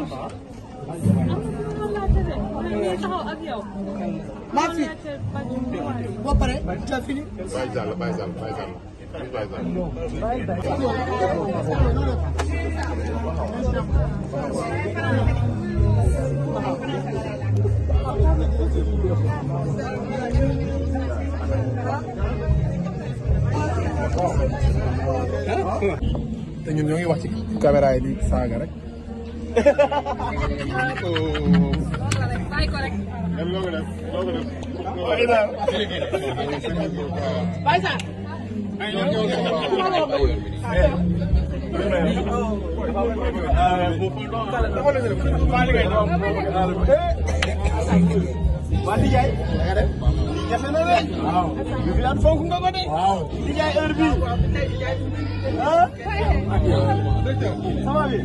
maa fi ba pare ca fini. bàyyi jàll bàyyi jàll bàyyi jàll bàyyi jàll. te ñun ñoo ngi wax ci caméra yi di saaga rek. bàyyi ko rek. loo ko def loo ko def. bàyyi saa. bàyyi saa. waa Ndiaye. jafe na leen. waaw. ñu ngi daan fonk nga ko de. waaw Ndiaye heure bii. ah. ça va bien.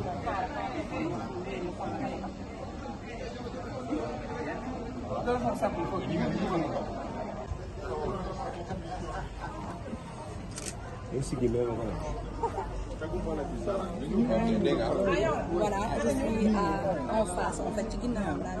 a si gii loolu voilà je suis en face en fait ci ginnaaw daal.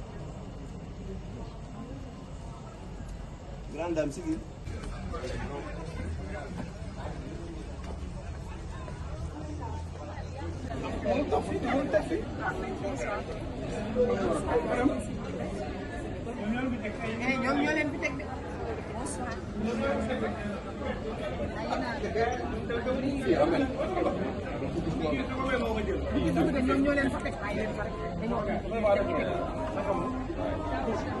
Grand Dame sigil ñoom ñoo leen fi teg de ñoom ñoo leen fi teg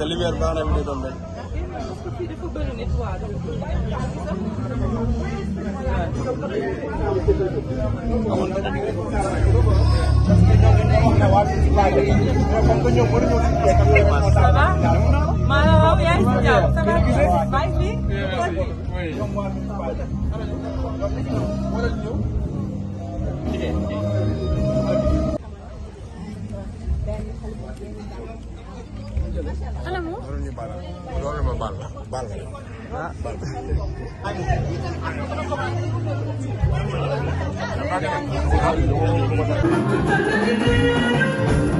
te li weer baax na bi ñu doon béy. waaw anamu. loolu ñu baal la loolu ma baal la baal la ah baal ah. la.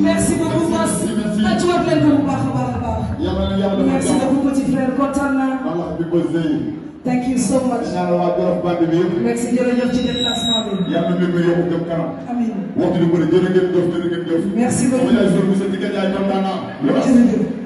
merci beaucoup Bas. rajo war leen ko bu baax a baax a baax. merci beaucoup petit frère kontaan naa. thank you so much. ñaanal waa Jolof Bande bi yëpp. merci jërëjëf ci déplacement bi. yàlla mbir mi yóbbu jëm kanam. amiin waxtu bi bëri jërë ngeen jëf jërë ngeen jëf. merci beaucoup.